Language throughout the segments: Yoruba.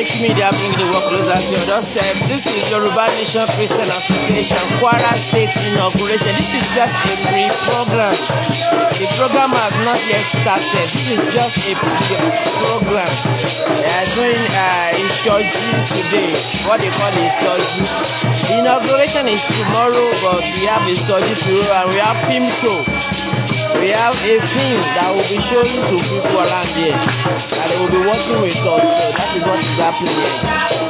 Make Media bring the work closer to your doorstep. This is Yoruba Nation Christian Association, Kwara State inauguration. This is just a pre-program. The program has not yet started. This is just a program. They are doing uh, Ishoju today, what they call Ishoju. The inauguration is tomorrow, but we have Ishoju tomorrow and we have film show. We have a film that will be showing to people around here and they will be watching with us. So that is what is happening here.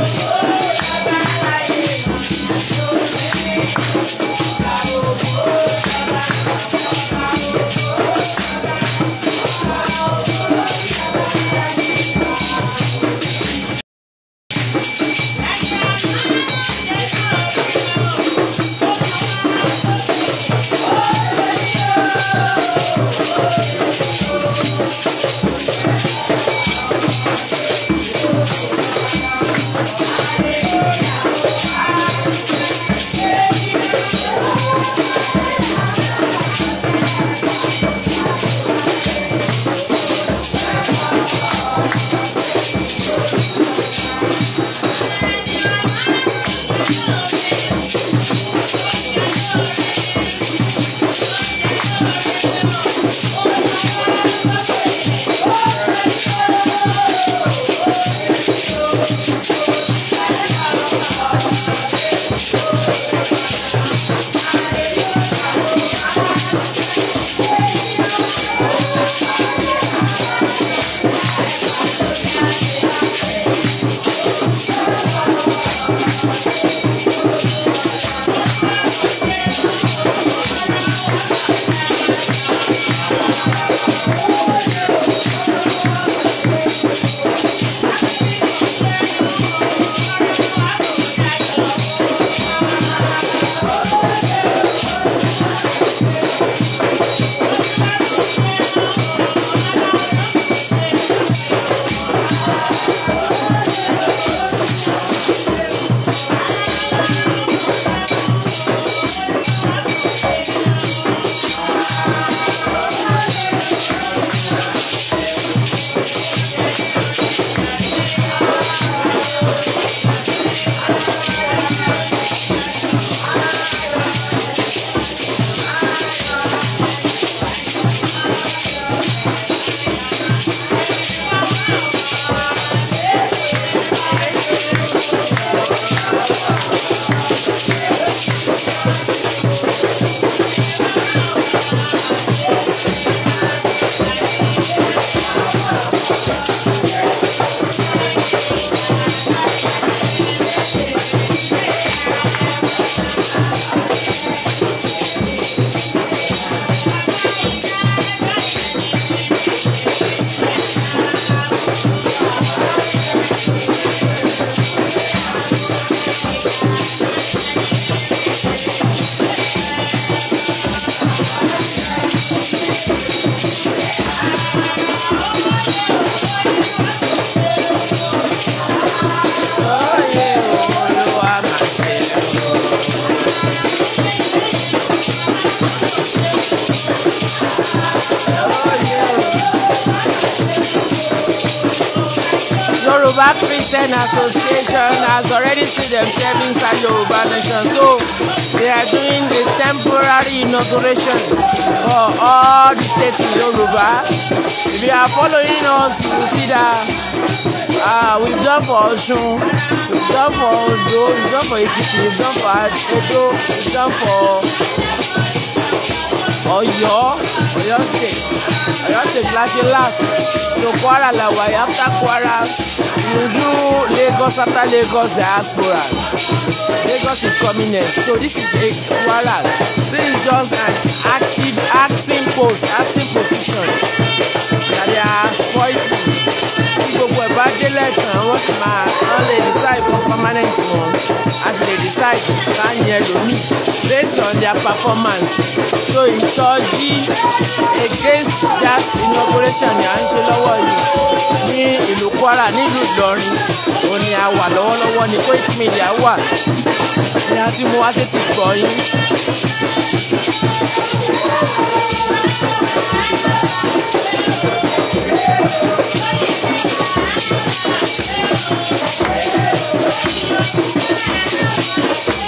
10 Association has already seen themselves inside Yoruba Nation. So they are doing the temporary inauguration for all the states in Yoruba. If you are following us, you will see that uh, we've done for Osun, we've done for Ondo, we've done for Ekiti, we've done for Edo, we've done for Ọ̀yọ́ Ọ̀yọ́ state Ọ̀yọ́ state the last to Kwara làwàyí after Kwara to do Lagos after Lagos diaspora. Lagos is coming next. So this is a wahala. This is just an active acting post, acting position that they are exploiting bá délẹ̀ tán wọ́n ti máa wọ́n lè decide fún permanent wọn a sì lè decide bá yẹn lómi based on their performance so ìtọ́jú against that inauguration ni à ń ṣe lọ́wọ́ yìí ní ìlú Kwara nílùú Ìlọrin òun ni a wà lọ́wọ́lọ́wọ́ ní Koiki Media wà ní a ti mú wá sí ti gbọ́ yín. Thank you. Thank you.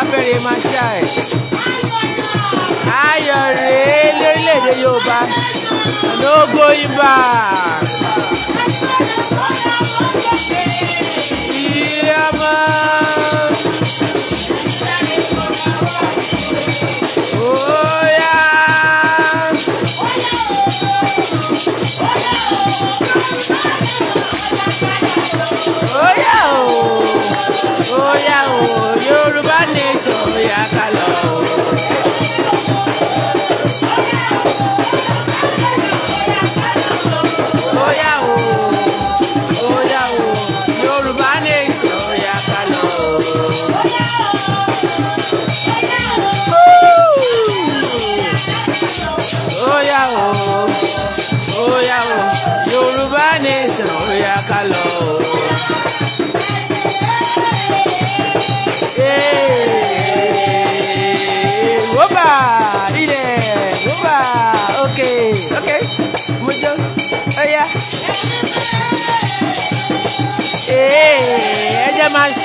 Ọbáfẹ́mi Marshal ayọ̀ rèé lórílẹ̀‐èdè Yorùbá no going back. ìyá máa. rapaziada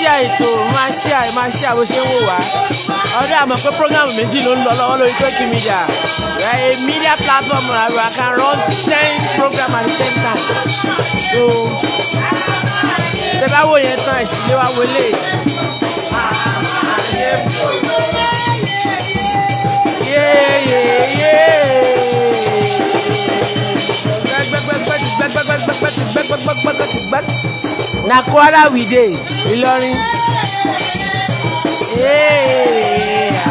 share ètò máa share máa share bó ṣe ń wò wá ọdún àmọ̀ pé program méjì ló ń lọ lọ́wọ́ lórí Koiki Media a media platform I can run ten program at the same time so tẹ bá wò yẹn tán ẹ̀sìn lé wa wọlé. Yeah, na kwara we dey ìlọrin.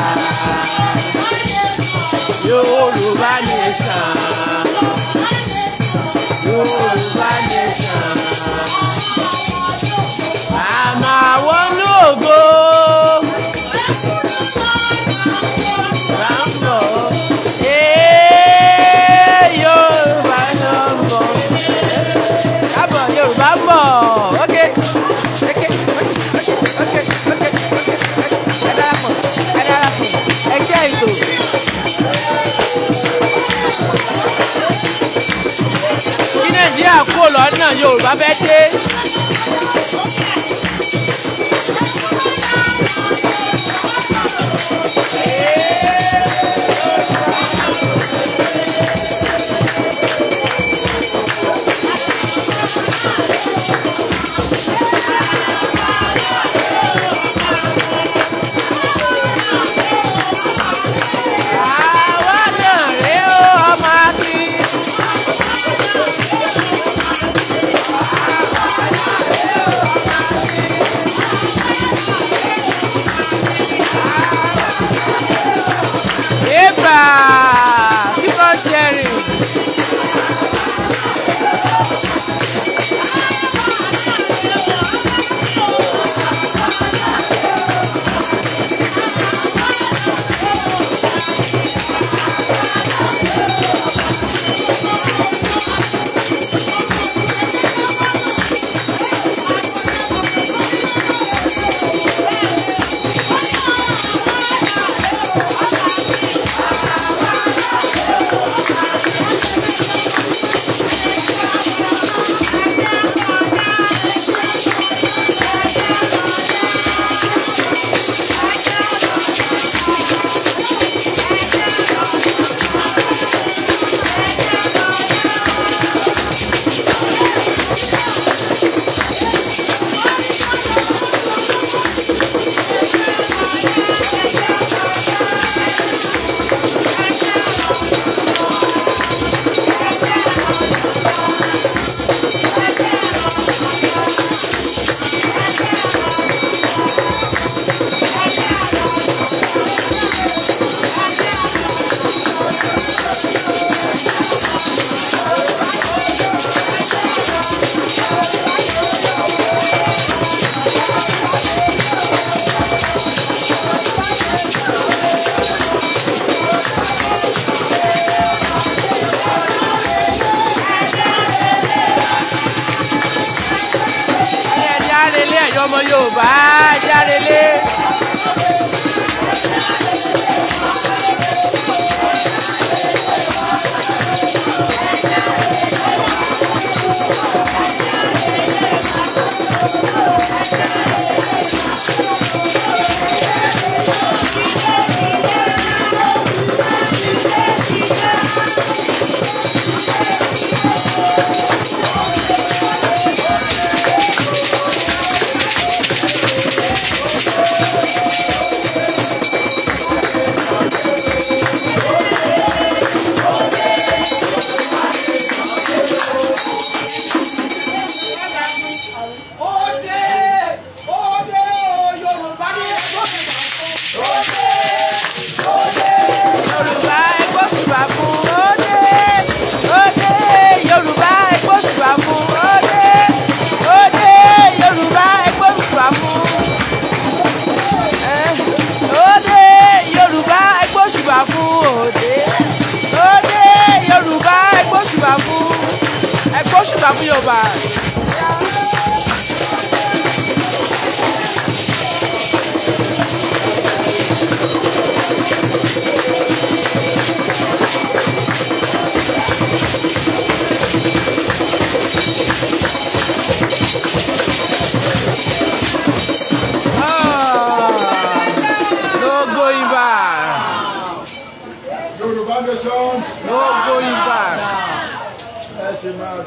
Ah. yorùbá nation yorùbá nation àmàwọnú ògo. bá ń bọ̀ ok ok ok ok ok ẹ darapọ̀ ẹ darapọ̀ ẹ ṣe ètò. kí nàìjíríà kúrò lọ́nà yorùbá fẹ́ dé.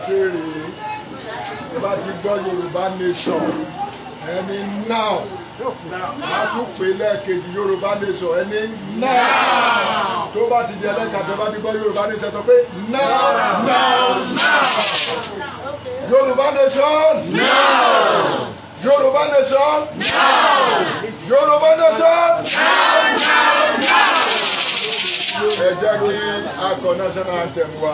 ṣe rèé tó bá ti gbọ́ Yorùbá nation ẹni now a tún pè lẹ́ẹ̀kejì Yorùbá nation ẹni now tó bá ti di ẹlẹ́ka tó bá ti gbọ́ Yorùbá nation sọ pé now now now Yorùbá nation now. Yoruba nation. Now. Yoruba nation. Now, now, now. Ẹ jẹ́ kí a national anthem wa.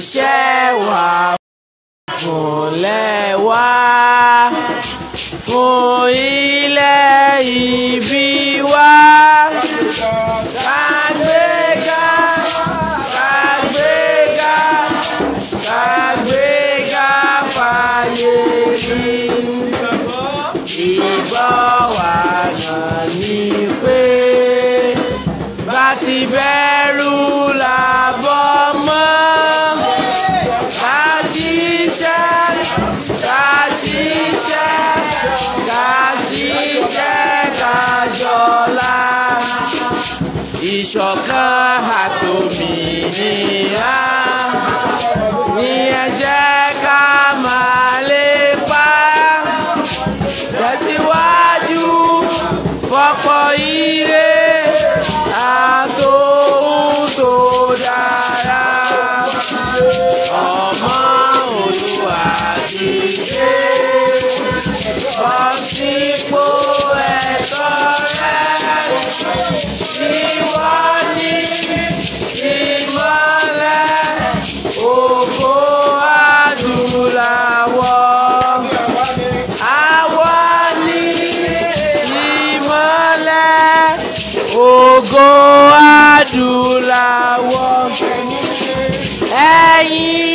iṣẹ́ wa fúnlẹ̀ wá fún ilé ibi. ọlá ìṣọ̀kan àtòmìnira. 在意。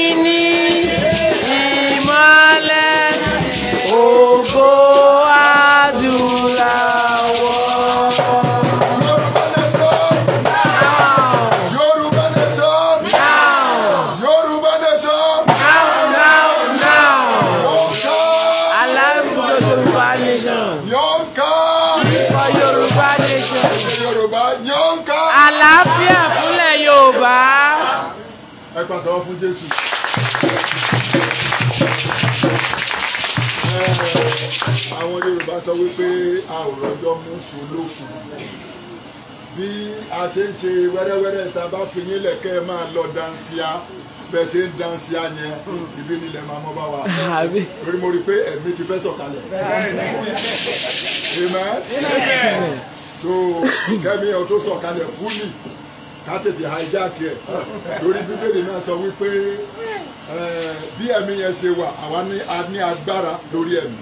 àwọn Yorùbá sọ wípé a ò rọjọ́ mú sùn lókun bí a ṣe ń ṣe wẹ́rẹ́wẹ́rẹ́ tá a bá fi yín lẹ̀kẹ́ máa lọ dansia bẹ́ ṣe ń dansia yẹn ibi nílẹ̀ máa mọ́ bá wa torí mo rí i pé ẹ̀mí ti fẹ́ sọ̀kalẹ̀ amen so kẹ́mi ọ̀ tó sọ̀kalẹ̀ fún mi ká tètè hijack ẹ̀ lórí bíbélì náà sọ wípé bí ẹ̀mí yẹn ṣe wà àwa ní agbára lórí ẹ̀mí.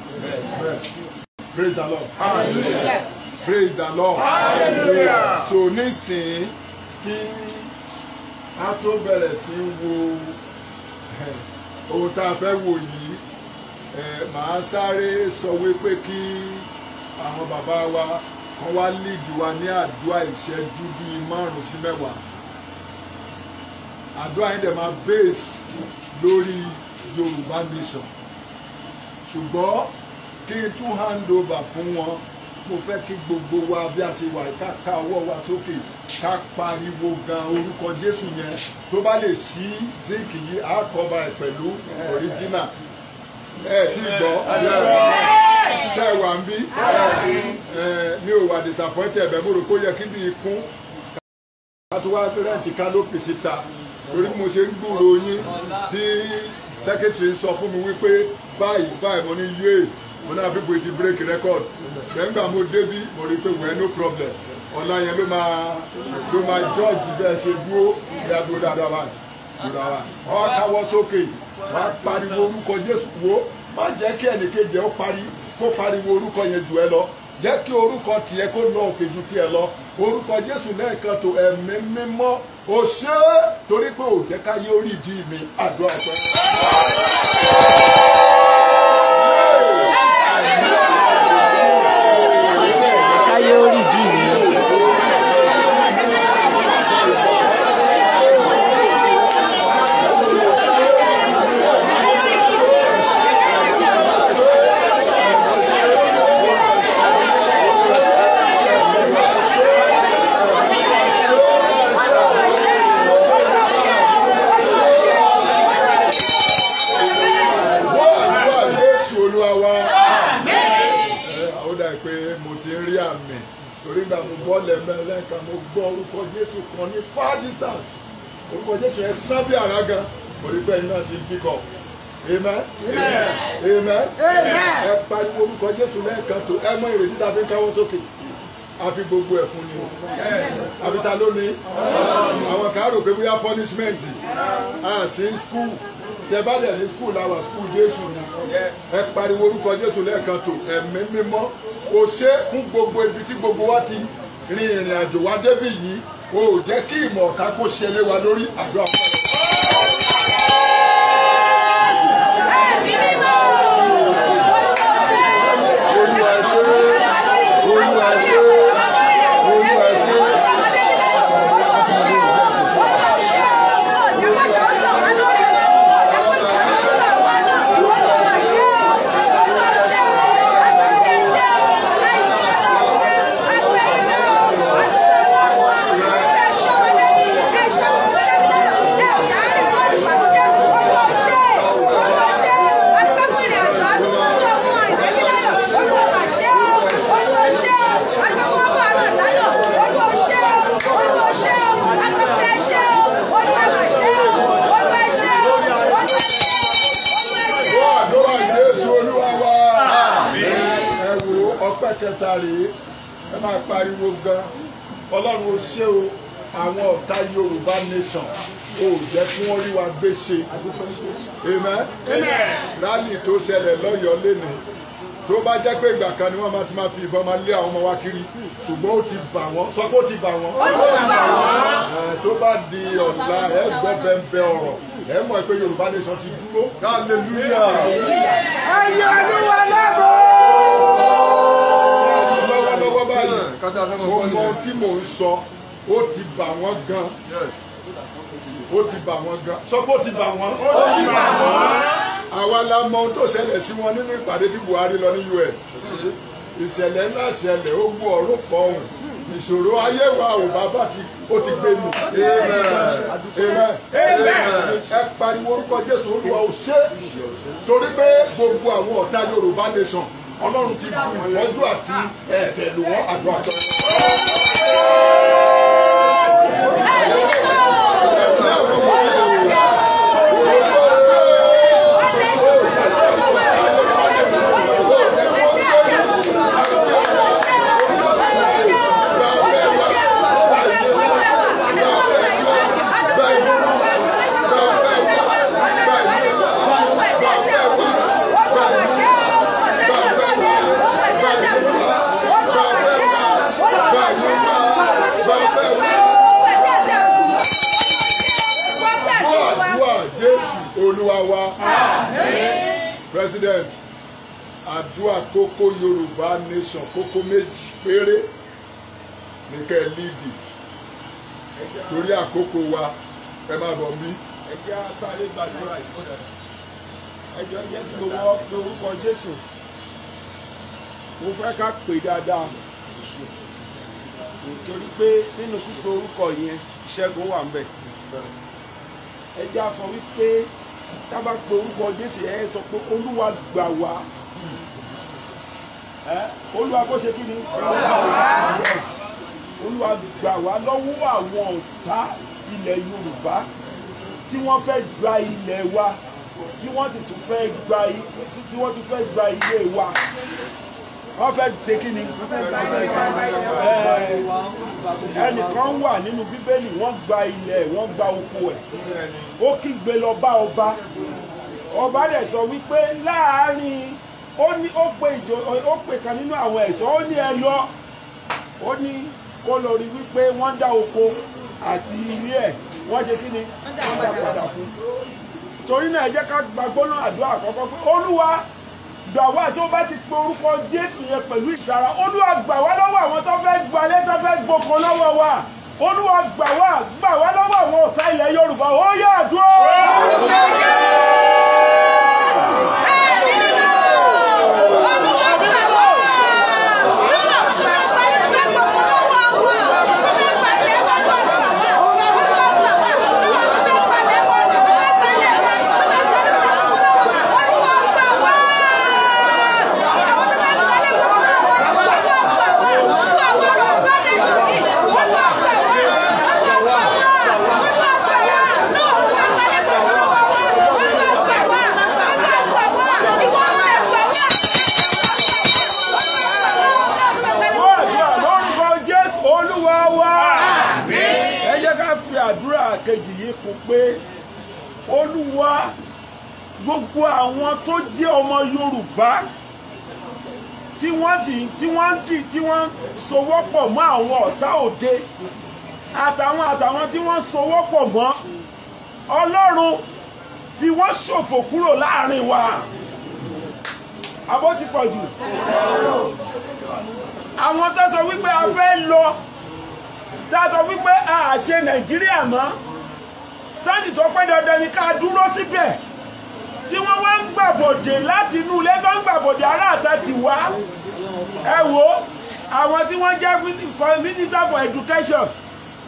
praise the lord hallelujah praise the lord hallelujah so nísìnyí kí a tó bẹ̀rẹ̀ sí wo ohun tá a fẹ́ wò yìí màá sáré sọ wípé kí àwọn bàbá wa wọ́n wá líìdì wa ní àdúrà ìṣẹ́jú bíi márùn-ún sí mẹ́wàá àdúrà yẹn dẹ̀ máa base lórí Yorùbá nation ṣùgbọ́n kí n tún hand over fún wọn mo fẹ́ kí gbogbo wa bí a ṣe wà ká ká ọwọ́ wa sókè ká pariwo gan orúkọ Jésù yẹn tó bá lè ṣí zinc yìí á kọ́ ba ẹ̀ pẹ̀lú original ẹ ti gbọ́ ṣe wà ń bí mi ò wà disappointed bẹ́ẹ̀ mo rò pé ó yẹ kí bí ikún ká tó wá rẹ́ǹtì kálópì síta torí mo ṣe ń gbúrò yín tí secretary sọ fún mi wípé báyìí báyìí mo ní yé mo náà bí bo ti break record gbẹ̀ngbà mo débí mo rí i pé wẹ́n no problem ọ̀la yẹn ló máa ló máa judge bẹ́ẹ̀ ṣe dúró bí agbódà dáwà all káwọ́ sókè wàá pariwo orúkọ Jésù wo má jẹ́ kí ẹnìkejì ó parí kó pariwo orúkọ yẹn jù ẹ lọ jẹ́ kí orúkọ tiẹ̀ kó lọ òkè ju tiẹ̀ lọ orúkọ jésù lẹ́ẹ̀kan tó ẹ̀mí mímọ́ o ṣe é torí pé ò jẹ́ ká yé orí ìdí mi àdúrà pẹ́. kọlẹ̀ mẹ́lẹ́ka mo gbọ́ orúkọ Jésù kan ní far distance orúkọ Jésù yẹn sábẹ́ àrá gan orúkọ yìí náà ti ń kíkọ amen amen ẹ pariwo orúkọ Jésù lẹ́ẹ̀kan tó ẹ mọ ìrètí tá a fi ń káwọ́ sókè àfi gbogbo ẹ̀ fún ni o àfi ta àwọn kan rò pé bóyá punishment à sí school tẹ bá dẹ̀ ní school la wà Jésù ni ẹ pariwo orúkọ Jésù lẹ́ẹ̀kan tó ẹ̀mí mímọ́ kò ṣe fún gbogbo ibi tí gbogbo wa ti rin ìrìn àjò wa débì yìí o ò jẹ́ kí ìmọ̀ ọ̀tá kó ṣẹlẹ̀ wa lórí àdúrà fún ẹ. máa pariwo gan ọlọ́run ó ṣe o àwọn ọ̀tá yorùbá nation ó jẹ́ kí wọ́n rí wa gbé ṣe amen rálì tó ṣẹlẹ̀ lọ́yọ̀ọ́ lénìí tó bá jẹ́ pé ìgbà kan ni wọ́n máa ti máa fi ìbọn máa lé àwọn ọmọ wa kiri ṣùgbọ́n ó ti bà wọ́n sọ pé ó ti bà wọ́n. ó ti bà wọ́n. tó bá di ọ̀la ẹ gbọ́ bẹ́ńbẹ́ ọ̀rọ̀ ẹ mọ̀ pé Yorùbá nation ti dúró. hallelujah. ẹ̀yin olúwa lẹ́bọ̀ọ́. nǹkan tí a fẹ́ mọ kọ́ ni mo tí ń sọ ó ti bà wọ́n gan ó ti bà wọ́n gan sọ pé ó ti bà wọ́n. ó ti bà wọ́n. àwa la mọ ohun tó ṣẹlẹ̀ sí wọn nínú ìpàdé tí Buhari lọ ní UN ìṣẹ̀lẹ̀ ńlá ṣẹlẹ̀ ó gbọ́ ọ̀rọ̀ pọ̀ ọ̀hún ìṣòro ayé wa ò bàbá ti ó ti gbé mi. ẹ pariwo orúkọ Jésù Olúwa ò ṣe torí pé gbogbo àwọn ọ̀tá Yorùbá nation ọlọ́run ti bu ìfọ́jú àti ẹ̀tẹ̀lù wọn àdúrà tó. Yeah. àdúrà kókó yorùbá nation kókó méjì péré ní kẹ́ ẹ lídì torí àkókò wa ẹ má bọ̀ mí. ẹ jẹ́ sáré gbàdúrà ìkọ́dà ẹ jọ jẹ́ kí gbogbo orúkọ jésù mo fẹ́ ká pè dáadáa nítorí pé nínú pípe orúkọ yẹn ìṣẹ́gun wà ńbẹ̀ ẹ jẹ́ á sọ wípé tá bá pe orúkọ jésù ẹ sọ pé olúwa gbà wá olúwa kó ṣe kí ni olúwa gbà wá lọ́wọ́ àwọn ọ̀tá ilẹ̀ yorùbá tí wọ́n fẹ́ gba ilẹ̀ wa tí wọ́n sì tún fẹ́ gba tí wọ́n tún fẹ́ gba ilé wa wọ́n fẹ́ ṣe kí ni ẹnìkan wà nínú bíbélì wọ́n gba ilẹ̀ wọ́n gba oko ẹ̀ ó kígbe lọ bá ọba ọba rẹ̀ sọ wípé láàárín ó ní ó pe ìjọ ó pe kan nínú àwọn ẹ̀ṣọ́ ó ní ẹ lọ ó ní kó lọ rí wípé wọ́n dá oko àti ilé ẹ̀ wọ́n ṣe kí ni wọ́n dá padà fún torí náà ẹ jẹ́ ká gbàgbọ́ náà àdúrà àkọ́kọ́ pé olúwa gbà wá tó bá ti pe orúkọ jésù yẹn pẹ̀lú ìtara olúwa gbà wá lọ́wọ́ àwọn tó fẹ́ gbalé tó fẹ́ gboko lọ́wọ́ wa olúwa gbà wá lọ́wọ́ àwọn ọ̀tá ilẹ̀ yorùbá ó yà dúró. gbogbo àwọn tó jẹ́ ọmọ Yorùbá tí wọ́n ti tí wọ́n dì tí wọ́n sowọ́pọ̀ mọ́ àwọn ọ̀tá òde àtàwọn àtàwọn tí wọ́n sowọ́pọ̀ mọ́ Ọlọ́run fi wọ́n ṣòfò kúrò láàrin wa abọ́ ti pọ̀ jù àwọn tó sọ wípé a fẹ́ lọ tá a sọ wípé a ṣe Nàìjíríà mọ́ tó sì sọ pé dandan ni ká dúró síbẹ̀. Si tí wọ́n wá ń gbàbọ̀dè láti inú ilé tó ń gbàbọ̀dè aráàta ti wá ẹ wo àwọn tí wọ́n jẹ́ minister for education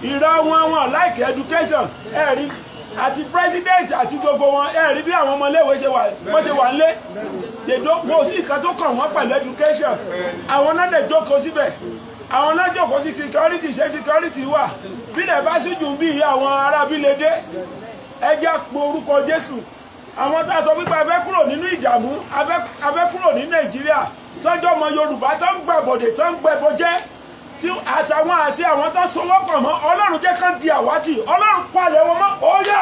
ìran wọn wọn like education ẹ rí àti president àti gbogbo wọn ẹ rí bí àwọn ọmọléèwé ṣe wà wọ́n ṣe wà nílé dèdó kò sí nǹkan tó kàn wọ́n pẹ̀lú education àwọn náà lè jókòó síbẹ̀ àwọn náà jókòó sí security ṣe security wà bí lè bá ṣíjú bí àwọn arábí lè dé ẹ jẹ́ àpò orúkọ Jésù àwọn tá a sọ wípé a fẹ́ kúrò nínú ìdààmú a fẹ́ kúrò ní nàìjíríà tọ́jọ́ ọmọ yorùbá tó ń gbàbọ̀dè tó ń gbẹbọ jẹ́ tí àtàwọn àti àwọn tó sọwọ́pọ̀ mọ́ ọlọ́run jẹ́ kán di àwátì ọlọ́run palẹ̀ wọn mọ́ ó yà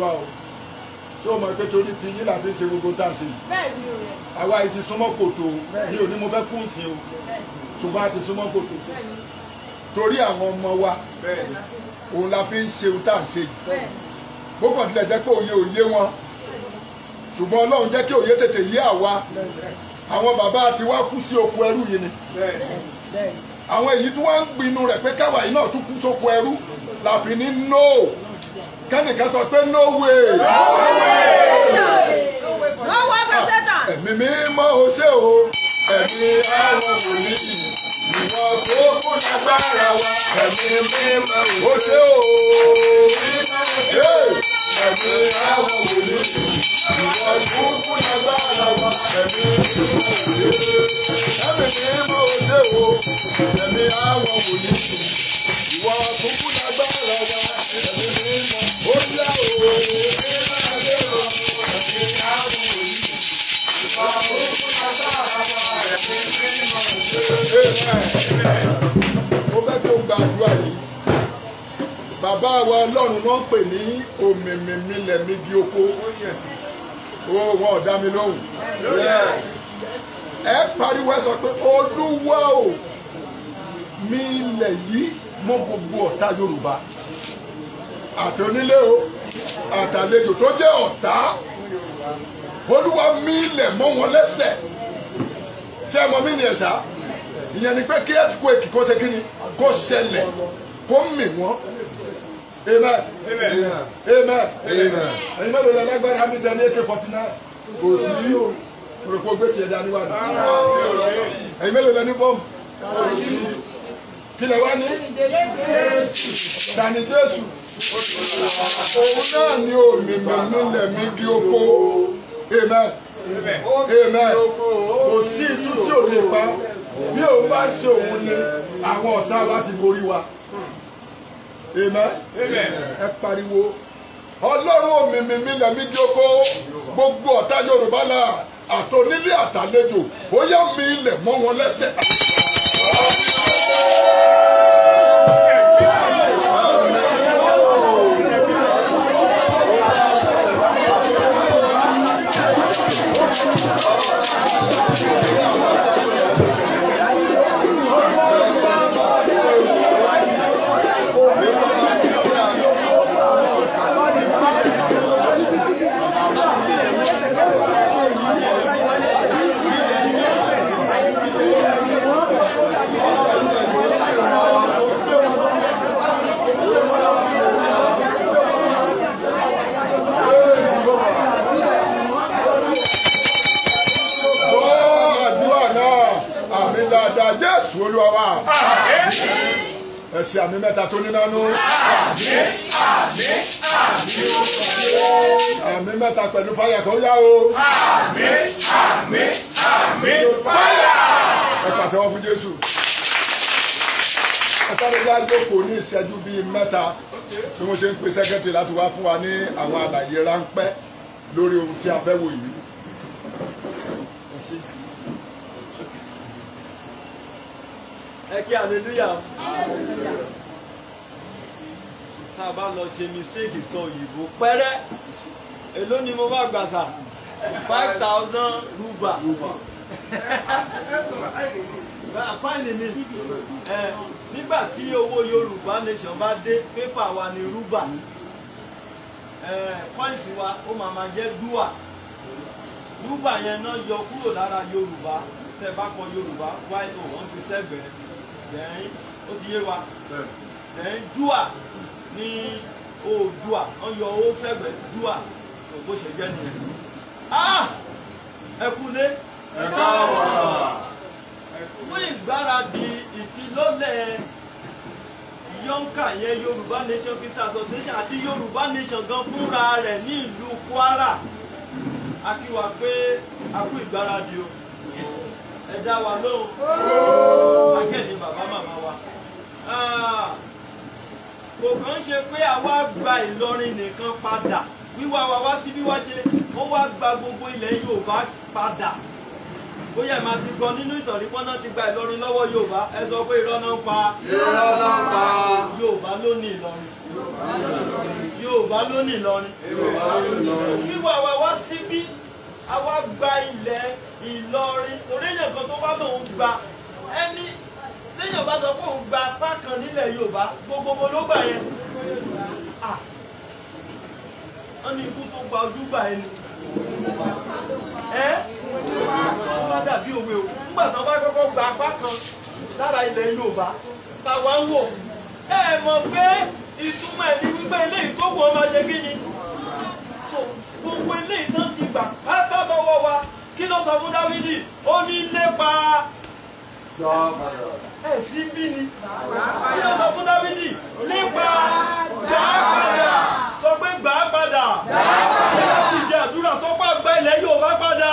àdúrà o ṣé o mọ̀ pé torí ti yín làbí ṣe gbogbo tá a ṣe yìí àwa yìí ti súnmọ́ kòtò mi ò ní mo fẹ́ kún sí o ṣùgbọ́n a ti súnmọ́ kòtò torí àwọn ọmọ wa òun la fi ń ṣe ohun tá a ṣe yìí gbogbo ìdílé jẹ́ pé òye òye wọn ṣùgbọ́n Ọlọ́run jẹ́ kí òye tètè yé àwa àwọn bàbá ti wá kú sí oko ẹrú yìí ni àwọn èyí tí wọ́n ń gbinú rẹ̀ pé káwa yìí náà tún kú sóko ẹrú la fi ní nóò. No kẹ́nìkan sọ pé no way. no way. no way for Satan. ẹ̀mí mi mọ oṣé o ẹ̀mí àwọn wòlíì ìwọ tó kún lágbára wa ẹ̀mí mi mọ oṣé o. ẹ̀mí àwọn wòlíì ìwọ tó kún lágbára wa ẹ̀mí mi mọ oṣé o. ẹ̀mí mi mọ oṣé o ẹ̀mí àwọn wòlíì ìwọ tó kún. bàbá wa ọlọ́run wọ́n pè ní òmìmì milẹ̀ méjì oko owó wọn ò dá mi lóhùn ẹ pariwo ẹ sọ pé olúwa o mi ilẹ̀ yìí mọ gbogbo ọ̀tá yorùbá àti o àtàlejò tó jẹ́ ọ̀tá olúwa mí ilẹ̀ mọ́ wọn lẹ́sẹ̀ ṣé ẹ mí ni ẹ̀ṣá ìyẹn ni pé kí earthquake kó ṣe kí ni kó ṣẹlẹ̀ kó mì wọ́n amen amen amen ẹ̀yin mélòó lẹ lágbára mi jẹ ní ak forty nine kò sí o rògbò gbé tiẹ̀ dání wá ní ẹ̀yin mélòó lẹ ní bọ́ọ̀mù kí lẹ wá ní dání jésù òun náà ni òmìnira nílẹ̀ mi kí ó kó amen amen kò sí ìlú tí ò lè pa bí òun bá ṣe òun ni àwọn ọ̀tá láti borí wa amen ẹ pariwo ọlọ́run òmìnira nílẹ̀ mi kí ó kó gbogbo ọ̀tá yorùbá náà àtònílé àtàlejò ó yá mi ilẹ̀ mọ́ wọn lẹ́sẹ̀. olúwa wa ẹsẹ àmì mẹ́ta tó ní nánú àmì mẹ́ta pẹ̀lú fáyà kó yá o àmì àmì àmì fáyà ẹ pàtẹ́wọ́ fún Jésù ẹtọ́lẹ́gbẹ́ àjòkó ní ìṣẹ́jú bíi mẹ́ta bí mo ṣe ń pe sẹ́kẹ́tì láti wá fún wa ní àwọn àlàyé ráńpẹ́ lórí ohun tí a fẹ́ wò yìí. ẹ kí aleluya tá a bá lọ ṣe mistake sọ òyìnbó pẹ́rẹ́ èló ni mo bá gbàsà five thousand rúbà fáìlì ni nígbà tí owó yorùbá nation bá dé pépà wa ni rúbà pọ́ìsì wa ó máa ma jẹ́ dúà rúbà yẹn náà yọ kúrò lára yorùbá tẹ bá kọ yorùbá wáìlì òun fi sẹ́gbẹ̀ẹ́ then ó ti yé wa then dua ní oòdua wọ́n yọ owó sẹ́gbẹ̀ dua ògbó ṣe jẹ́ nìyẹn ah! ẹ kú lé ẹ fún ìgbáradì ìfilọ́lẹ̀ yọ́ǹkà yẹn yorùbá nation peace association àti yorùbá nation gan fúnra rẹ̀ ní ìlú kwara a kí wa pé a kú ìgbáradì o ẹ dá wa lóhùn májèlé bàbá màmá wa ah, kò kàn ṣe pé àwa gba Ìlọrin nìkan padà wíwá wa wá sí bí wá ṣe wọ́n wá gba gbogbo ilẹ̀ Yorùbá padà bóyá ẹ̀ máa ti gbọ́ nínú ìtàn nípa ti gba Ìlọrin lọ́wọ́ Yorùbá ẹ sọ pé irọ́ náà ń pa Yorùbá ló ní Ìlọrin Yorùbá ló ní Ìlọrin wíwá wa wá síbí àwa gba ilẹ̀ Ìlọrin torí èèyàn kan tó bá mọ̀ ń gba ẹni téèyàn bá sọ pé òun gba apá kan nílẹ̀ Yorùbá gbogbogbò ló gbà yẹn wọ́n ní ikú tó gba ojúgbà ẹni ẹ́ wọ́n bá dàbí òwe o nígbà tí wọ́n bá kọ́kọ́ gba apá kan lára ilẹ̀ Yorùbá táwa ń wò ẹ mọ̀ pé ìtumọ̀ ẹ̀ ní wípé eléyìí tó wù ọ́ máa ṣe kí ni gbogbo eléyìí tán ti gbà pátá lọ́wọ́ wa kí ló sọ fún Dáfídì ó ní lépa ẹ̀sìn bí ni kí ló sọ fún Dáfídì lépa gbà á padà sọ pé gbà á padà gbà á padà ìdí àdúrà tó pàgbà ilẹ̀ Yorùbá padà.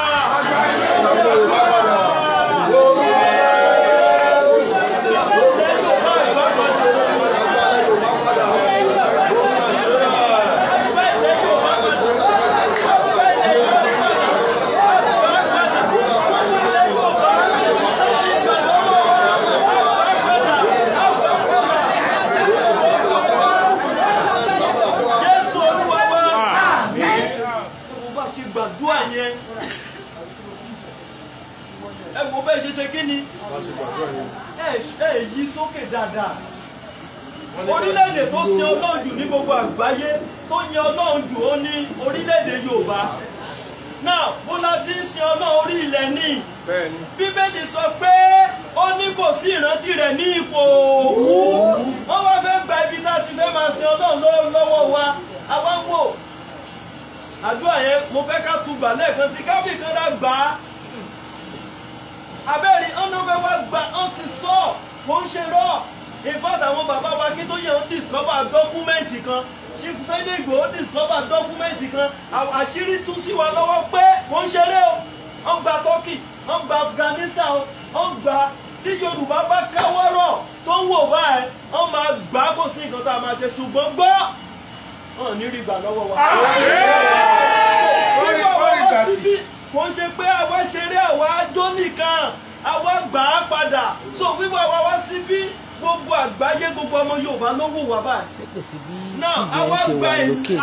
àwa gba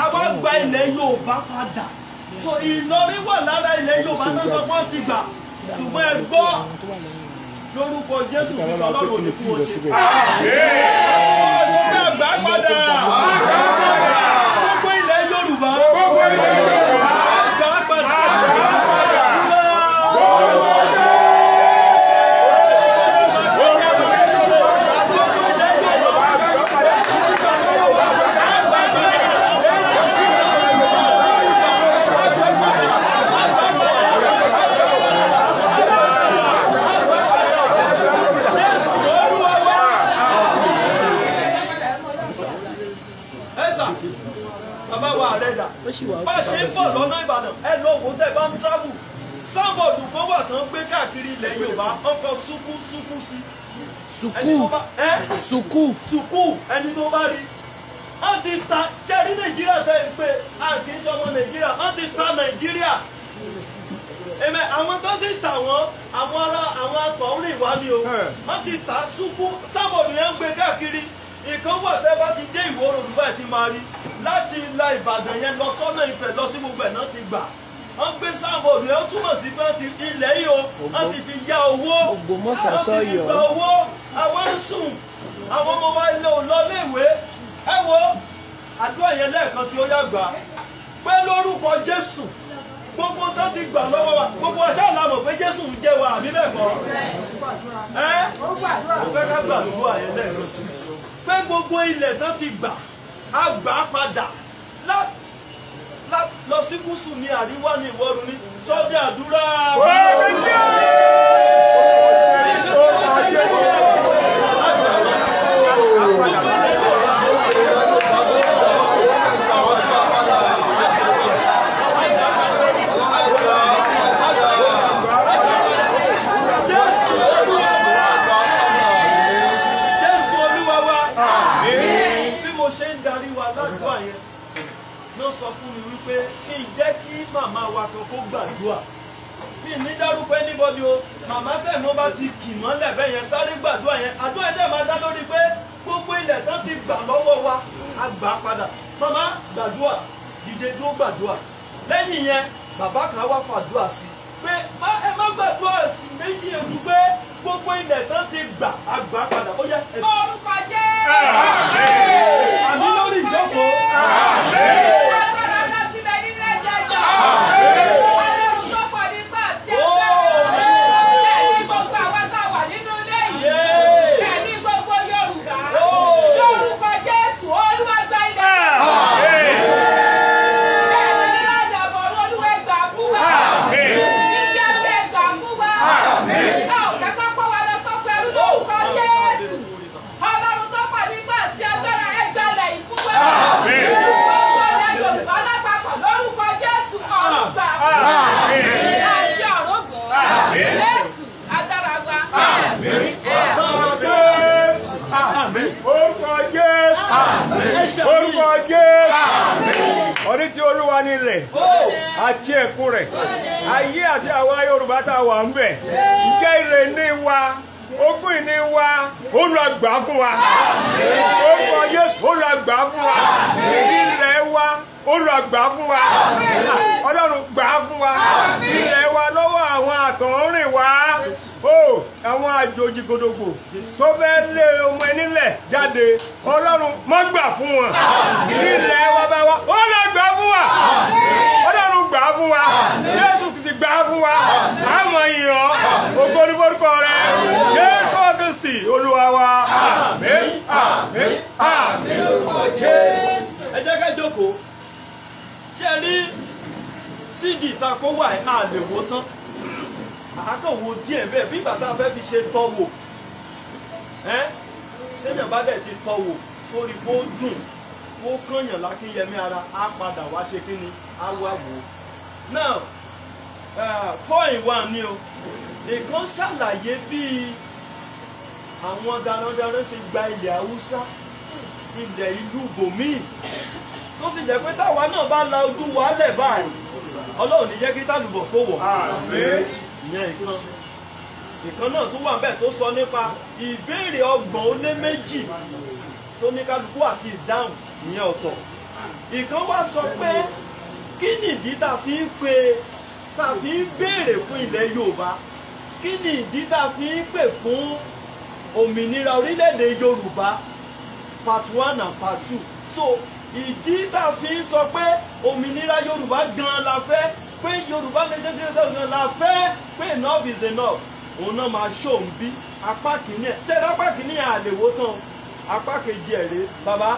àwa gba ilẹ̀ Yorùbá padà so Ìlọrin wà lára ilẹ̀ Yorùbá tó sọ pé ó ti gbà ṣùgbọ́n ẹ gbọ́ lórúkọ Jésù kí Ọlọ́run ò ní kú oṣù. ọ̀sẹ̀ àgbà padà gbogbo ilẹ̀ Yorùbá. Suku, Suku, Suku, ẹni tó bá rí wọ́n ti ta ṣẹ́rí nàìjíríà sẹ́yìn pé àkíńṣe ọmọ nàìjíríà wọ́n ti ta nàìjíríà èmi àwọn tó ti tà wọ́n àwọn ará àwọn akọ̀ọ́rìn wá ni o wọ́n ti ta sùkú sábòdì yẹn ń gbé káàkiri ìkan wà tẹ́ bá ti dé ìwọ òrùn bá ti máa rí láti la ìbàdàn yẹn lọ sọ́nà ìfẹ́ lọ sí gbogbo ẹ̀ náà ti gbà wọ́n gbé sáàbò rẹ̀ ó túmọ̀ sí pé ilẹ̀ yìí o wọ́n ti fi yá owó wọ́n ti fi gba owó àwọn ń sùn àwọn ọmọ wa lọ lọlé ìwé ẹ wo àdúrà yẹn lẹ́ẹ̀kan sí ó yá gbà pé lórúkọ Jésù gbogbo tó ti gbà lọ́wọ́ wa gbogbo ọṣẹ́ àlámọ̀ pé Jésù ń jẹ́ wa àbí bẹ́ẹ̀ kọ́ ẹ́ mo fẹ́ ká gbàdúrà yẹn lẹ́ẹ̀kan sí pé gbogbo ilẹ̀ tó ti gbà á gbà á padà lọ sí gúúsù ní àríwá ní ìwọ̀rùn ní sọ́jà àdúrà. màmá wa kan kó gbàdúrà mi ní dárúkọ anybody o màmá tẹ̀mọ́ bá ti kì mọ́lẹ̀ bẹ́ẹ̀ yẹn sáré gbàdúrà yẹn àdúrà yẹn dẹ̀ máa dá lórí pé gbogbo ilẹ̀ tán ti gbà lọ́wọ́ wa a gbà padà màmá gbàdúrà dìde tó gbàdúrà lẹ́yìn yẹn bàbá kan wá fàdúrà sí pé ẹ má gbàdúrà méjì èlú pé gbogbo ilẹ̀ tán ti gbà a gbà padà ó yẹ. orúkọ jẹ́ àmín lórí ìjókòó. wa nílẹ̀ àti ẹ̀kú a wà ń bẹ̀ ǹjẹ́ ní wa ogún ìní wa olùgbà fún wa olùgbà fún wa ilẹ̀ wa olùgbà fún ó àwọn àjòjì gbogbo tó fẹ́ lé ọmọ ẹni lẹ̀ jáde ọlọ́run má gbà fún wọn nílẹ̀ wa bá wa ó lè gbà fún wa ọlọ́run gbà fún wa jésù ti gbà fún wa àmọ́ ìyàn ògo ní forúkọ rẹ jésù kristi olúwa wa àmín àmín àmín orúkọ jésù. ẹ jẹ́ ká jókòó ṣe rí sídìí ìtakò wà á lè wó tán àákànwò díẹ̀ bẹ́ẹ̀ bí bàtà fẹ́ fi ṣe tọ́wò ẹ́ téèyàn bá dẹ̀ ti tọ́wò torí bó dùn ó kànyàn lákínyẹmí ara á padà wá ṣe kí ni á wá wò náà four in one ni o nìkan ṣàlàyé bíi àwọn darandaran ṣe gba ilẹ̀ haúsá ilẹ̀ ìlú bòmíì tó sì jẹ́ pé táwa náà bá la ojú wa lẹ̀ báyìí ọlọ́run ní jẹ́ kí kó wọ̀ ìyẹn ìkan ìkan náà tún wà bẹ́ẹ̀ tó sọ nípa ìbéèrè ọgbọ̀n ó lé méjì tó ní kálukú àti ìdáhùn ìyẹn ọ̀tọ̀ ìkan wá sọ pé kí nìdí tá a fi ń pe tá a fi ń béèrè fún ilẹ̀ Yorùbá kí nìdí tá a fi ń pè fún òmìnira orílẹ̀-èdè Yorùbá part one and part two so ìdí tá a fi ń sọ pé òmìnira Yorùbá gan-an la fẹ́ pé yorùbá nation kí ẹsẹ̀ ọ̀sán la fẹ́ pé enough is enough òun náà máa ṣó ń bí apá kìíní ẹ̀ ṣé apá kìíní ẹ̀ àlèwò tán apá kejì ẹ̀ rèé bàbá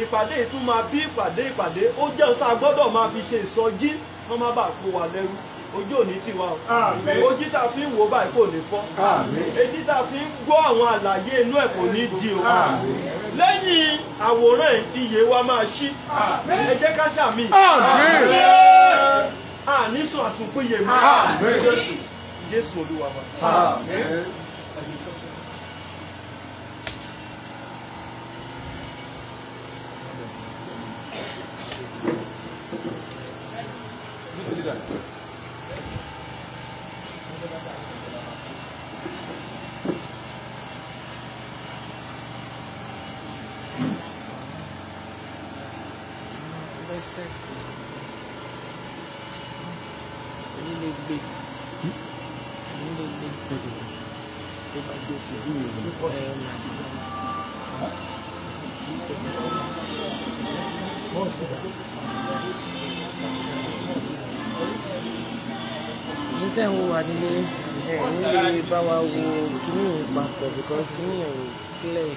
ìpàdé ìtún máa bí ìpàdé ìpàdé ó jẹ́ ohun tá a gbọ́dọ̀ máa fi ṣe ìsọjí wọ́n má bàa kó wa lẹ́rú ojú òní ti wa o ojú tá a fi ń wò báyìí kò ní fọ́ etí tá a fi ń gbọ́ àwọn àlàyé inú ẹ̀ kò ní di o lẹ́yìn àwòrán iye wa máa ṣí ẹ jẹ́ ká ṣàmì a ní sùn àsùnkún jésù jésù olúwa wa. Sexy èyí ní tẹ́ ń wo wà nílé ẹ̀ nílé bá wa wo kíní yẹn papọ̀ because kíní yẹn ò clear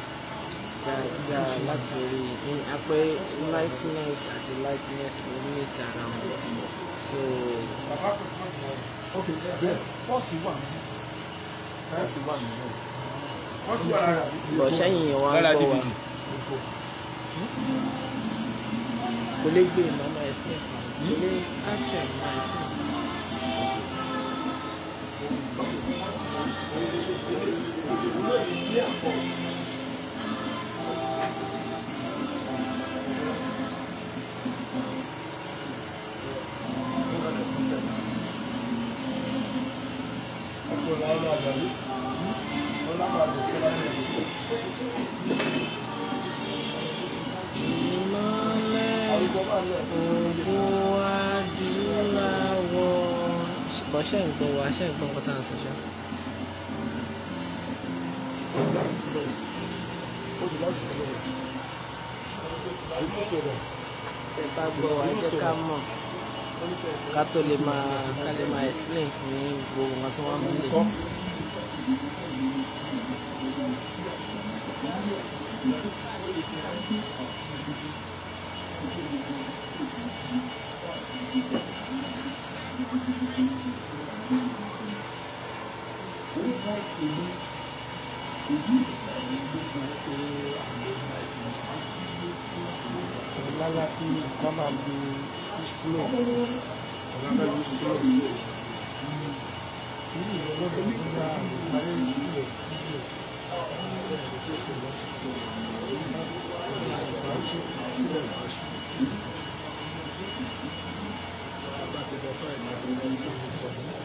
dáadáa láti orí apẹ́ lightness àti lightness ló ní ìtara wọn so bàbá kò sí bọ́ọ̀sì lọ́wọ́. ok bẹ́ẹ̀ bọ́ọ̀sì wà níbí bọ́ọ̀sì wà níbí o. bọ́ọ̀sì wà lára mi. bọ̀ sẹ́yìn wọn á gbọ́ wa hmm? kò lè gbé mama ẹsẹ̀ kò lè capture mama ẹsẹ̀. Thank you. ṣùgbọ́n ṣe ń gbọ́ wa ṣe ń gbọ́ nǹkan tá à ń sọ tó lè máa explain fún gbogbo wọn tí wọ́n mú lè. lálá kí ká máa lo instrument ọ̀làbẹ̀ lo instrument nínú ìrọ̀lọ́ tó ní gba àgbáyé ìṣúlẹ̀ Thank you.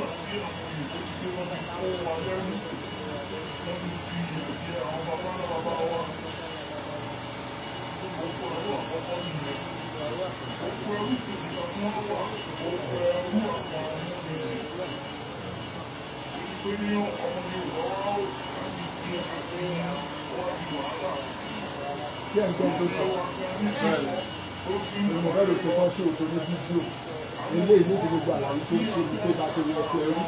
Kí ẹ̀ ń gbọ́n tó sọ, ó fi ń mọ̀ ẹ́rò tó ilé ìlú ti gbogbo àlàyé tó ń ṣe ní pé bá ṣe yẹ kó ẹrú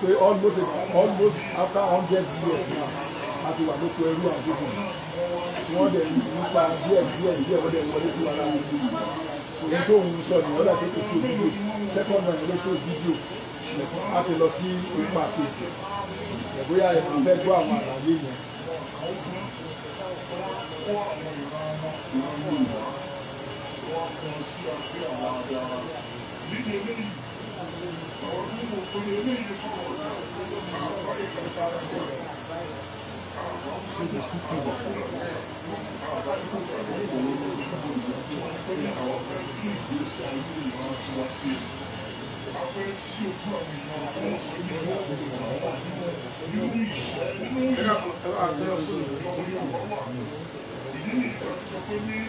pé almost almost after hundred years now a ti wà lóko ẹrú àdúgbò wọn dẹ̀ nípa díẹ̀ díẹ̀ díẹ̀ wọ́n dẹ̀ wọlé sí wa láwọn ìlú èyí tó ń sọ nìyẹn lọ́dà tó kò ṣe fídíò second one ló ṣe fídíò a ti lọ sí ipa kejì ẹ̀bóyá ẹ̀ka fẹ́ gbọ́ àwọn àlàyé yẹn. Thank you nídìí eléyìí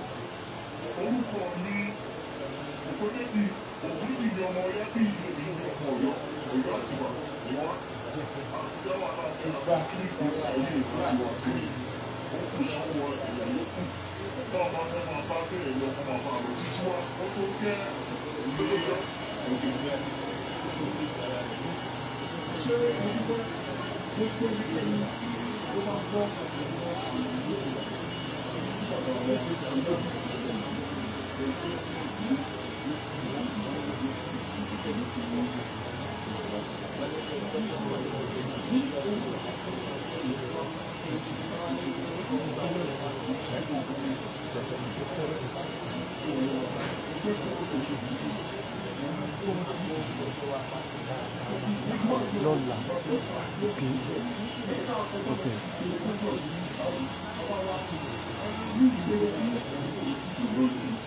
orúkọ mi òkúrẹ́bí òkúrẹ́bí ọmọ ọ̀yá bí ìlú ìṣòro ọmọ ọ̀yọ́ ọ̀yọ́ àgbà wọ́n àtijọ́ aláṣẹ àbákí ìgbà ayé ìlú ìwà òkú ìyàwó ìyá yòókù náà máa fẹ́ máa bá bẹ̀rẹ̀ lọ fún àwọn àrò títú wa ó tó jẹ́ ìgbélójọ́ òkèèrè ṣé ìdúgbò gbogbo ìgbéyìí ló máa ń ọ̀pọ̀lọpọ̀ àwọn ìlú ìwà tí bàbá rẹ̀ ń lò Lola. Ok. Ok. Thank you.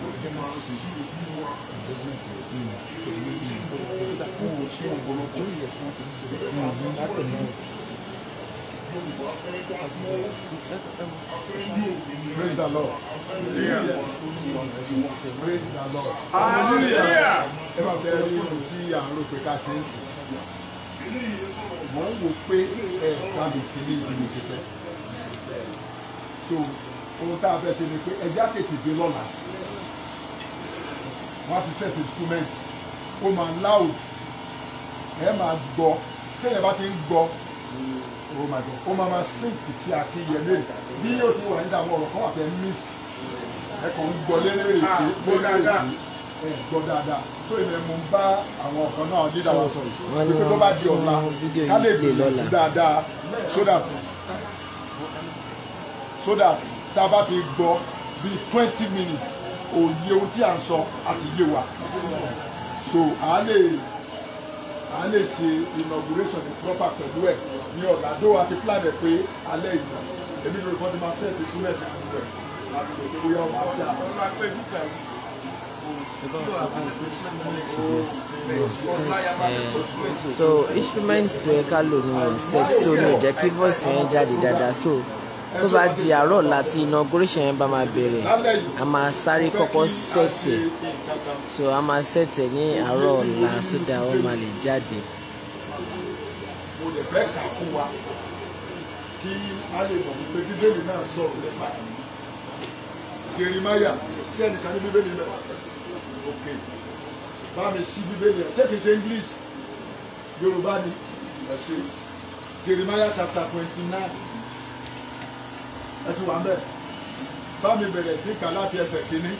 Praise the Lord. Yeah. Praise the Lord. Hallelujah. Ẹ bá fẹ́ rí ohun tí à ń rò pé ká ṣe ń sìn. Mo ń wo pé ẹ̀ka mi kiri ìlú ti fẹ́. So ohun tá a fẹ́ ṣe ni pé ẹja tètè dé lọ́la wọ́n ti set instrument ó máa loud ẹ máa gbọ́ téèyàn bá ti ń gbọ́ ó máa gbọ́ ó máa máa sink sí Akínyẹlé bí yóò ṣe wà ní ìdààmú ọ̀rọ̀ kan wà tẹ́ miss ẹ kàn ń gbọ́ lélẹ́rẹ́ èké lélẹ́rẹ́ ah, èké gbọ́ dáadáa tó ilẹ̀ mú bá àwọn ọ̀kan náà dídá wọn sọ wípé tó bá di ọ̀la ká lè gbìyànjú dáadáa so that so that tá a bá ti gbọ́ bíi twenty minutes òye ohun tí à ń sọ àti yé wa so à lè à lè ṣe inauguration ní proper pẹ̀lú ẹ̀ ní ọ̀la dó àti plan ẹ̀ pé alẹ́ ìlú èmi lórí kan ti máa sẹ́ẹ̀tì súnlẹ̀ ní àdúgbò ẹ̀ láti lè kó ọmọ àti So instruments tó yẹ ká lò ní wọn set so mi ò jẹ́ kí voice yẹn jáde dáadáa so tó bá di àárọ̀ láti inauguration yẹn bá máa bẹ̀rẹ̀ a máa sáré kọ́kọ́ sẹ́tẹ̀ so a máa sẹ́tẹ̀ ní àárọ̀ ọ̀la sódà ó máa lè jáde. mo lè fẹ́ kà fún wa kí a lè mọ̀ wípé bíbélì náà jerimaya ṣé ẹnìkan ní bíbélì lẹ́wọ̀ ok bá mi ṣí bíbélì ṣé kìí ṣe English Yorùbá ni ẹ̀ ṣe jerimaya chapter twenty nine ẹ ti wà ń bẹ̀ bá mi bẹ̀rẹ̀ sí kà láti ẹsẹ̀ kínní.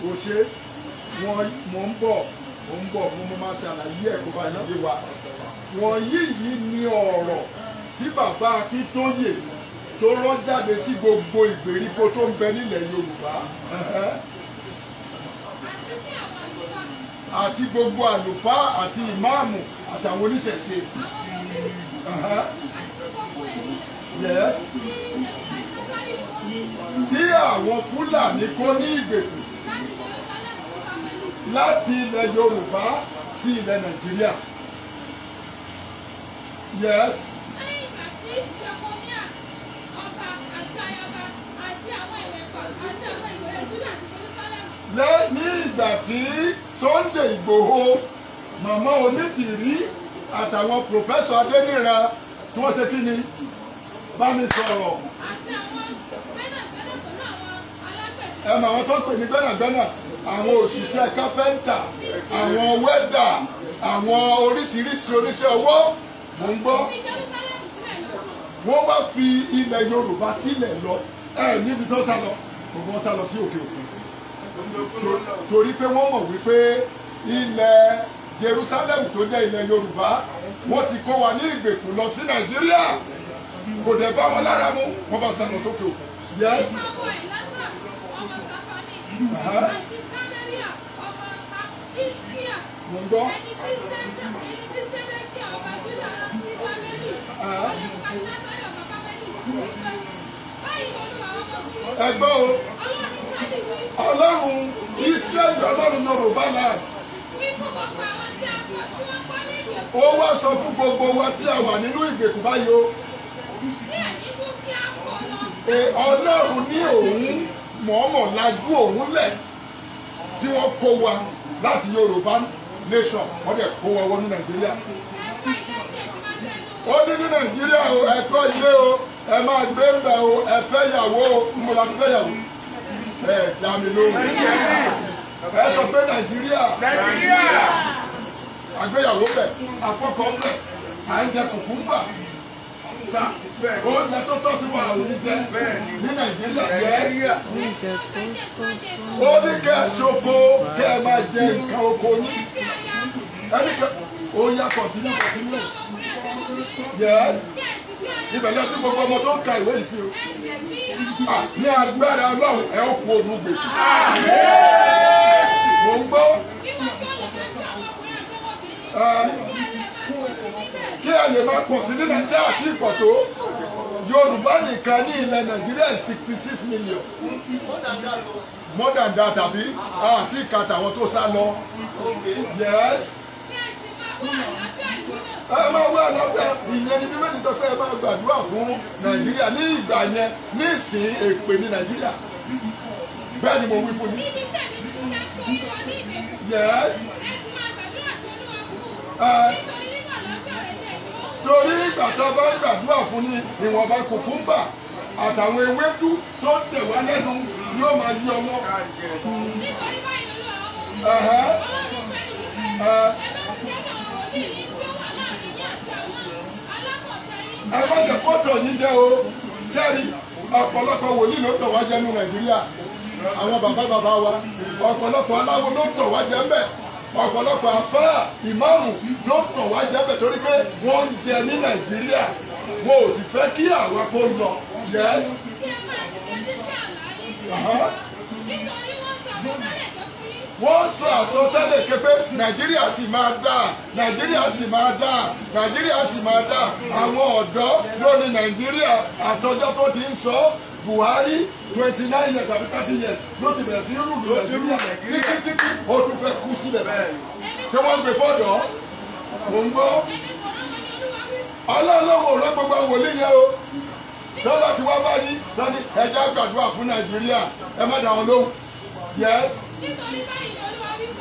kò ṣe wọn mò ń bọ̀ mò ń bọ̀ mo máa ṣàlàyé ẹ̀ kó bá yé wa wọ̀nyí yìí ni ọ̀rọ̀ tí bàbá Akíntóyè tó rán jáde sí gbogbo ìgbèríko tó ń bẹ nílẹ̀ Yorùbá àti gbogbo àlùfáà àti ìmáàmù àtàwọn oníṣẹ̀ṣe. Yes. Tí àwọn Fúlàní kó ní ìgbèkùn láti ilẹ̀ Yorùbá sí ilẹ̀ Nàìjíríà. Yes ní ìgbà tí Sunday Ìgbòho màmá onídìrí àtàwọn pòfẹ́sọ̀ Adéníran tí wọ́n ṣe kí ni bá mi sọ̀rọ̀. ẹ mọ àwọn tó ń pè ní gbẹ́nàgbẹ́nà àwọn òṣìṣẹ́ kápẹ́ńtà àwọn wẹ́dà àwọn oríṣiríṣi oníṣẹ́ ọwọ́ mò ń gbọ́ wọ́n wá fi ilẹ̀ Yorùbá sílẹ̀ lọ ẹ níbi tó sá lọ kò wọ́n sá lọ sí òkè òkun torí pé wọ́n mọ̀ wípé ilẹ̀ Jerusalem tó jẹ́ ilẹ̀ Yorùbá wọ́n ti kó wa ní ìgbèkùn lọ sí Nàìjíríà kò dẹ̀ bá wọn lára mú wọ́n bá sá sókè o. Mo o ọlọ́run náà ò bá láà. ó wá sọ fún gbogbo wa tí a wà nínú ìgbèkùn báyìí o. ọlọ́run ní òun mọ̀ọ́mọ̀ lajú òun lẹ̀ tí wọ́n kó wa láti Yorùbá nation wọ́n dẹ̀ kó wa wọnú Nàìjíríà. ó ní ní Nàìjíríà o ẹ kọ́ ilé o ẹ máa gbé ń bẹ̀ o ẹ fẹ́ yàwó o ń bọ̀ fẹ́ yàwó ẹ dá mi lóhùn ẹ sọ pé nàìjíríà nàìjíríà àgbéyàwó bẹ àfọkọ bẹ à ń jẹ kùkúmbà ta oúnjẹ tó tọ́ sí wa òní jẹ ní nàìjíríà yẹ ó ní kẹ́ ẹ ṣoko kẹ́ ẹ máa jẹ nǹkan oko yín ẹni kẹ́ ó yá kọ̀tínú kọ̀tínú yẹ́s ìbẹ̀lẹ̀ bí gbogbo ọmọ tó ń ka ìwé ìsìn o ní agbára ọlọ́run ẹ̀ ọ́ kú onúgbè mò ń gbọ́ kí àyè máa pọ̀ sí ní nàìjíríà àti ìpọ̀ tó yorùbá nìkan ní ilẹ̀ nàìjíríà sixty six million more than that àbí àti ìkàtà àwọn tó sá lọ yes ẹ máa wá lọ́fẹ́ ìyẹn ni bíbélì sọ pé ẹ máa gbàdúrà fún nàìjíríà ní ìgbà yẹn nísìnyí èpè ní nàìjíríà bẹ́ẹ̀ ni mo wí fún yín yes torí ìgbà tá a bá ń gbàdúrà fún ni ìwọ̀nba kùkúmbà àtàwọn ewédú tó ń tẹ̀wá lẹ́nu yóò máa yí ọmọ. ẹ má jẹ́ kó tọ̀ yín jẹ́ o jẹ́rìí ọ̀pọ̀lọpọ̀ wòlíì ló tọ̀ wá Nàìjíríà àwọn bàbá bàbá wa ọ̀pọ̀lọpọ̀ aláwo ló tọ̀ wá jẹ́ mbẹ́ ọ̀pọ̀lọpọ̀ àfáà ìmáàmù ló tọ̀ wá jẹ́ mbẹ́ torí pé wọ́n ń jẹ ní nàìjíríà wọn ò sì fẹ́ kí àwọn kó lọ yẹ́s. wọ́n sọ àsọtẹ́lẹ̀ képe nàìjíríà sì máa dà nàìjíríà sì máa dà nàìjíríà sì máa dà àwọn ọ̀dọ́ lórí nàìjíríà àtọjọ́ tó ti ń sọ Buhari twenty nine years àbí thirty years ló ti bẹ̀rẹ̀ sí rúlù Nàìjíríà títí títí ó tún fẹ́ kú sílẹ̀ bẹ́ẹ̀ ṣé wọ́n ń gbé fọ́dọ̀ mò ń gbọ́ ọlọ́ọ̀lọ́wọ́ ọ̀rọ̀ gbogbo wòlíì yẹn o lọ́dọ̀ tí wọ́n bá yí lọ́dí ẹja gbàdúrà fún Nàìjíríà ẹ má dà wọn lóhùn yes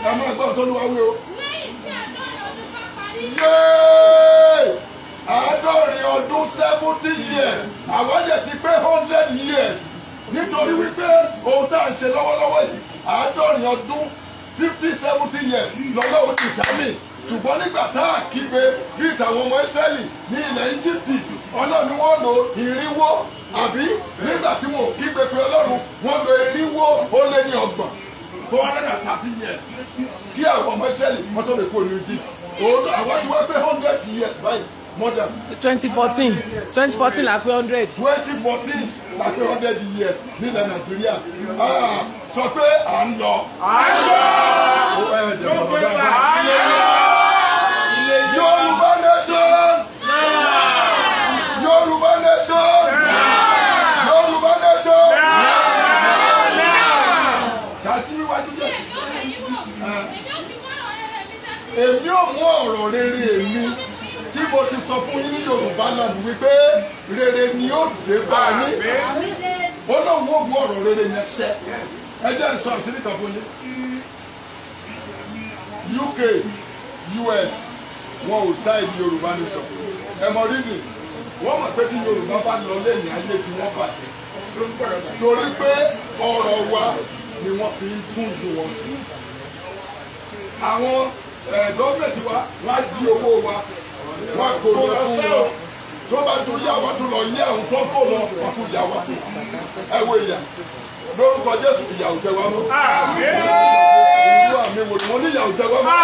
ẹ má gbọ́ tó lù wá wí o yéé àádọ́rin ọdún seventy years àwájẹ ti pé hundred years nítorí wípé ohun tá à ń ṣe lọ́wọ́lọ́wọ́ yìí àádọ́rin ọdún fifty seventy years lọ́lọ́wọ́ ti tà mí ṣùgbọ́n nígbà tá a kígbe bí ìtàwọn ọmọ Ísírẹ́lì ní ilẹ̀ Íjíbítì ọlọ́run wọ́n lò ìrínwó àbí nígbà tí wọn ò kígbe pé ọlọ́run wọ́n lò ìrínwó ó lé ní ọgbọ̀n four hundred and thirty years kí àwọn ọmọ Ísírẹ́lì wọ́n tó lè kó ìlú Íjíbítì òun àwọn tí wọ́n pé hundred years báyìí 2014, 2014 twenty fourteen la pé hundred. twenty la pé hundred years nílẹ̀ nàìjíríà ah, sọ pé à ń lọ. à ń lọ. ló pé à ń lọ. Yorùbá nation. Yorùbá nation. Yorùbá nation. Kàsímí wájú jẹ́ ah. èmi ò mú ọ̀rọ̀ rere mi mo ti sọ fún yín ní yorùbá land wípé rere ni ó dé bá yín ó lóun ó mú ọ̀rọ̀ rere yẹn ṣẹ ẹ jẹ́ nsọ àṣírí kan fún yín UK US wọn ò sáìdì yorùbá nation ẹ mọ rízì wọn mọ̀ pé tí yorùbá bá lọ lẹ́yìn ayé tí wọ́n bàjẹ́ torí pé ọ̀rọ̀ wa ni wọ́n fi ń dùn dùn wọn sí àwọn gọ́ọ̀mẹ̀ntì wa wá jí owó wa wọn kò lọ sẹ́ o tó bá tún yá wọn tún lọ yẹ òun tó kó lọ wọn tún yá wọn tún ẹ wo ìyá lórúkọ Jésù ìyàwó tẹ wá mọ́ ìlú àmì wò ni mo ní ìyàwó tẹ wá mọ́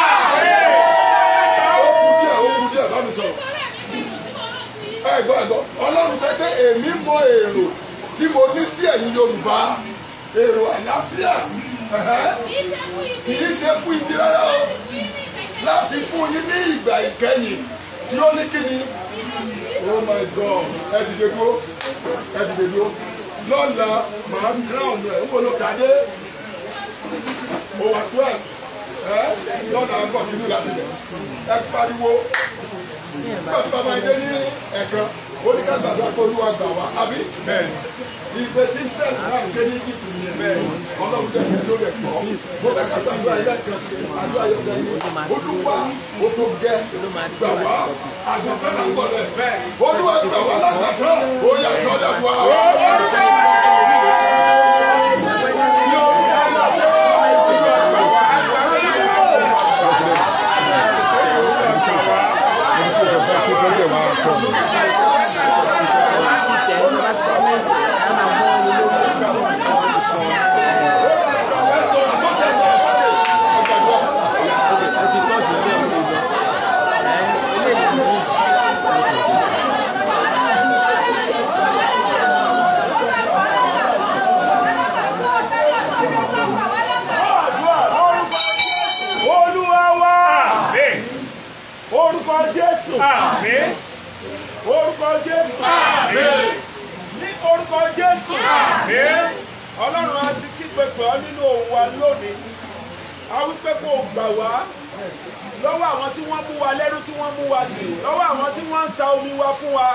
ó kú díẹ̀ ó kú díẹ̀ bá mi sọ̀rọ̀ ẹ gbọ́ Ọlọ́run sọ pé èmi mọ èrò tí mo ní sí ẹ̀yin Yorùbá èrò àlàáfíà kì í ṣe fún ibi rárá o láti fún yín ní ìgbà ìkẹyìn tí ó ní kíni oh my god ẹ dìde dúró ẹ dìde dúró lọ́la màá ground. rẹ̀ ń wọlé kàdé over twelve ẹ lọ́la ń continue láti bẹ̀ ẹ pariwo pẹ̀sì bàbá ìdè ní ẹ̀kan ó ní ká àbí ìgbé tí sẹ́ẹ̀lì náà ń gbé ní ìgbìtì yẹn ọlọ́run tẹ̀ ní tó lè pọ̀ mo fẹ́ ká gbàdúrà ilé ìkànsìn àdúrà yóò gbẹ ní olúwa ó tó gẹ gbà wá náà wọ̀ lẹ̀ olúwa gbà wá lágbàdo yà sọ́dọ̀ wá. Thank you. lónìí a wípé kó o gbà wá lọ́wọ́ àwọn tí wọ́n mú wa lẹ́rú tí wọ́n mú wa sí lọ́wọ́ àwọn tí wọ́n ń ta omi wa fún wa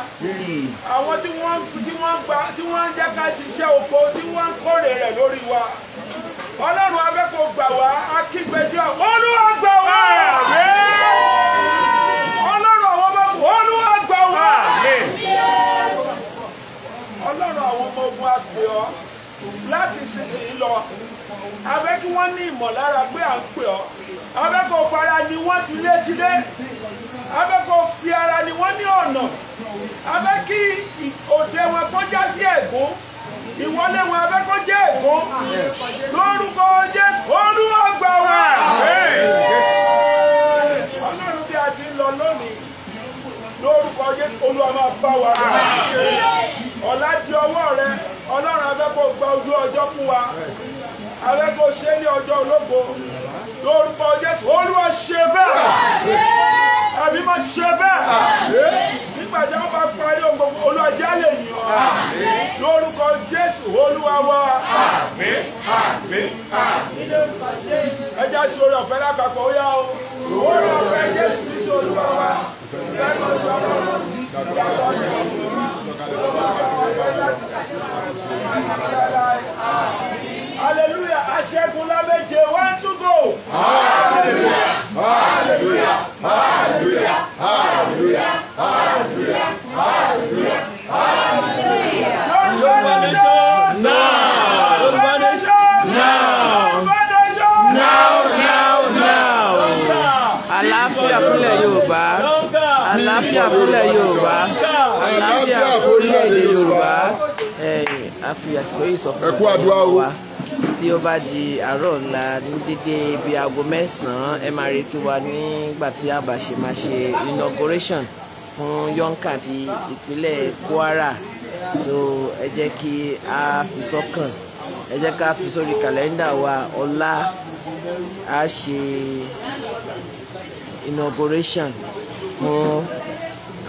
àwọn tí wọ́n tí wọ́n gba tí wọ́n ń jẹ́ ká ṣiṣẹ́ oko tí wọ́n ń kórè rẹ̀ lórí wa ọlọ́run akẹ́kọ̀ọ́ gbà wá á kígbe sí ọ olúwa gbà wá ọlọ́run àwọn ọmọ ogun olúwa gbà wá ọlọ́run àwọn ọmọ ogun á gbé ọ láti sísìn lọ abẹ́ kí wọ́n ní ìmọ̀lára pé à ń pè ọ́ abẹ́ kò fara ni wọ́n ti lé ti lé abẹ́ kò fi ara ni wọ́n ní ọ̀nà abẹ́ kí òde wọn kọjá sí ẹ̀gún ìwọlé wọn abẹ́ kó jẹ́ ẹ̀gún lórúkọ Jésù Olúwa gbà wá. Ọlọ́run bí a ti ń lọ lónìí lórúkọ Jésù Olúwa máa bá wa rà ọ̀la di ọwọ́ rẹ Ọlọ́run abẹ́ kó gba ojú ọjọ́ fún wa ààrẹ kò ṣe ní ọjọ́ ológo lórúkọ Jésù Olúwa ṣe bẹ́ẹ̀ àbí má ṣe bẹ́ẹ̀ nígbà tí wọ́n bá parí ohun gbogbo Olúwa jẹ́ lè yàn ọ́ lórúkọ Jésù Olúwa wa. ẹ jẹ́ sori ọ̀fẹ́ lápapọ̀ ó yá o orí ọ̀fẹ́ Jésù ní sí Olúwa wa fẹ́ẹ́ tó tọ́ lọ́wọ́ ìyàtọ̀ tó. Amen. Hallelujah. Aṣẹ́gun lábẹ́jẹ one two go. Hallelujah. Hallelujah. Hallelujah. Hallelujah. Hallelujah. Hallelujah. Hallelujah. Yorùbá nation now. Yorùbá now. Yorùbá now. Now now now. Àlàáfíà fúnlẹ̀ Yorùbá. Àlàáfíà fúnlẹ̀ Yorùbá. Àlàáfíà fúnlẹ̀ èdè Yorùbá. Ẹ àfi àsìkò yìí sọ fún wa. Ẹ kú àdúrà o tí ó bá di àárọ̀ ọ̀la ní dédé ibi aago mẹ́sàn-án ẹ máa retí wa nígbà tí a máa ṣe inauguration fún yonka ti ìpínlẹ̀ Kwara so ẹ jẹ́ kí a fi sọ́kàn ẹ jẹ́ ká fi sórí kàlẹ́ndà wa ọ̀la a ṣe inauguration fún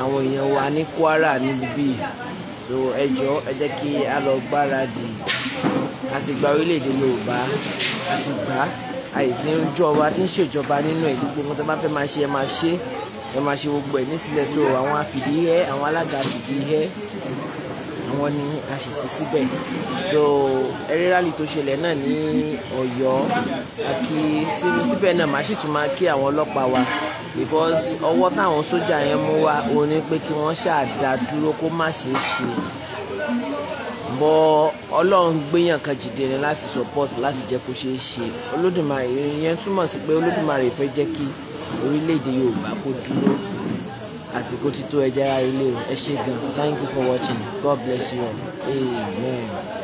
àwọn èèyàn wa ní Kwara níbi bíi so ẹ jọ̀ọ́ ẹ jẹ́ kí a lọ gbáradì àti gba orílẹ̀-èdè Yorùbá àti gbà á àyè tí ń jọ wa tí ń ṣèjọba nínú ẹ̀ gbogbo nǹkan tó bá fẹ́ máa ṣe ẹ máa ṣe ẹ máa ṣe gbogbo ẹ̀ nísìlẹ̀ so àwọn àfìdí hẹ́ àwọn alága àfìdí hẹ́ àwọn ni a sì fi síbẹ̀ so eré rally tó ṣẹlẹ̀ náà ní Ọ̀yọ́ àkí síbẹ̀ náà màá sì tún máa kí àwọn ọlọ́pàá wa because ọwọ́ táwọn sójà yẹn mú wa òun ni pé kí wọ́n ṣáà dúró kó má ṣeé ṣe bọ́ ọlọ́run gbéyàn kan jìde ni láti support láti jẹ́ kó ṣeé ṣe olódùmarè yẹn túmọ̀ sí pé olódùmarè fẹ́ jẹ́ kí orílẹ̀-èdè yorùbá kó dúró àsìkò ti tó ẹja ara ilé ẹ ṣé gan thank you for watching god bless you all amen.